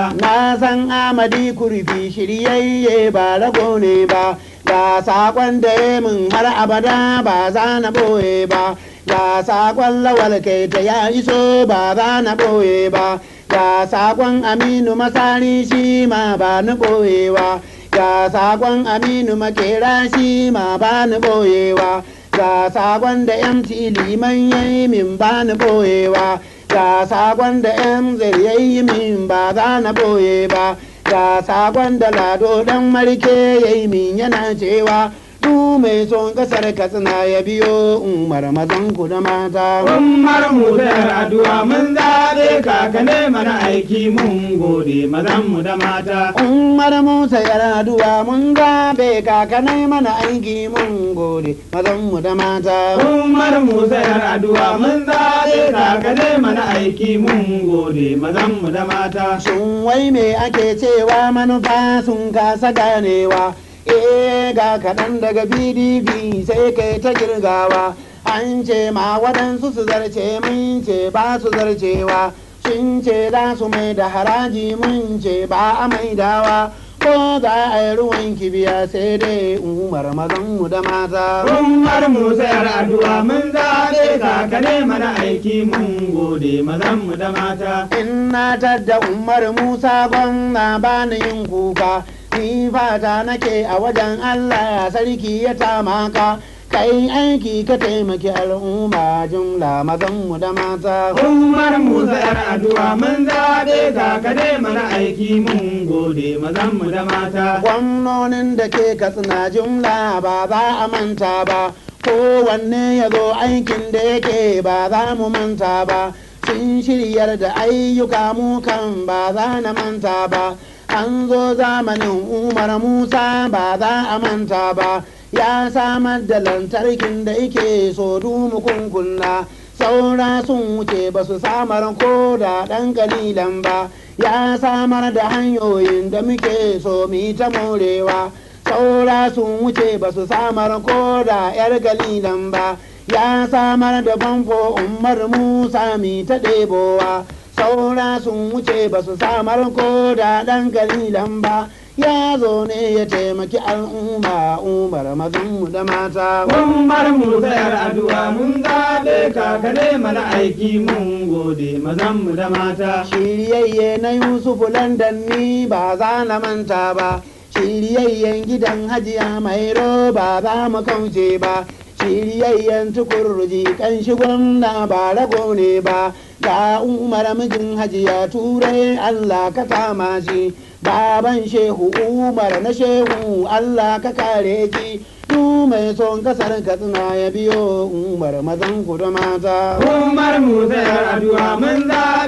Na san Amadi kurfi shiryayye ba rago ne ba, ga saƙon da ya min har abada ba za na ɓoye ba, ga saƙon lawal ta ya iso ba za na ɓoye ba, ga saƙon Aminu masari shi ma ba ni ɓoyewa, ga saƙon Aminu makera shi ma ba ni ɓoyewa, ga saƙon da MT liman yayi min ba ni ɓoyewa. ta sakon da yan yayi min ba za na boye ba ta sakon da lado dan marke yayi min yana cewa mu mai son kasar katsina ya biyo umar mazan ku da mata umar mu da addu'a mun zabe kakane mana aiki mun gode mazan mu da mata umar mu sayar addu'a mun zabe kakane mana aiki mun gode mazan mu da mata umar mu sayar addu'a mun zabe kakane mana aiki mun gode mazan mu da mata sun wai me ake cewa manufa sun kasa ganewa eh ga kaɗan daga pdp sai kai ta girgawa an ce ma waɗansu su zarce mun ce ba su zarcewa sun ce za su mai da haraji mun ce ba a dawa ko za a yi ruwan kibiya sai dai umar mazan mu da mata. Umar mu sayar addu'a mun zaɓe ka ka mana aiki mun gode mazan mu da mata. In na tadda umar Musa gwamna bani yin kuka. ni fata nake a wajen Allah ya sarki ya tamaka kai aiki ka taimaki al'umma jumla mazan mu da mata. Umar mu zayar addu'a mun zaɓe ka ka dai mana aiki mun gode mazan mu da mata. Gwamnonin da ke katsina jumla ba za a manta ba. Kowanne ya zo aikin da yake ba za mu manta ba. Sun shiryar da ayyuka mu kan ba za na manta ba. an zo zamanin umar musa ba za a manta ba ya samar da lantarkin da ike so dumu kunkunna saura sun wuce ba su samar ko da ɗan kalilan ba ya samar da hanyoyin da muke so mu ta morewa saura sun wuce ba su samar ko da 'yar kalilan ba ya samar da famfo umar musa mi ta ɗebowa saura sun wuce ba su samar ko da ɗan kalilan ba ya zo ne ya taimaki al'umma umar mazan mu da mata umar mu tsayar addu'a mun ka kakare mana aiki mun gode mazan mu da mata shiryayye na yusufu landan ni ba za na manta ba shiryayyen gidan hajiya mai roba za mu kauce ba shiryayyen tukurruji kan shigon na ba rago ne ba ga umar mijin hajiya turai allah ka kama shi baban shehu umar na shehu allah ka kare ki du mai son kasar katsina ya biyo umar mazan kudu mata umar mu zai addu'a mun za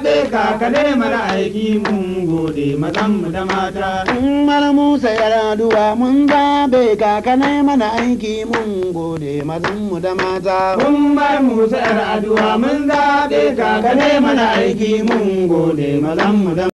ka ne aiki mun gode mazan mu da mata. In mara Musa ya raduwa mun zabe kaka ne mana aiki mun gode mazan mu da mata. Mun bar Musa ya raduwa mun zabe kaka ne mana aiki mun gode mazan mu da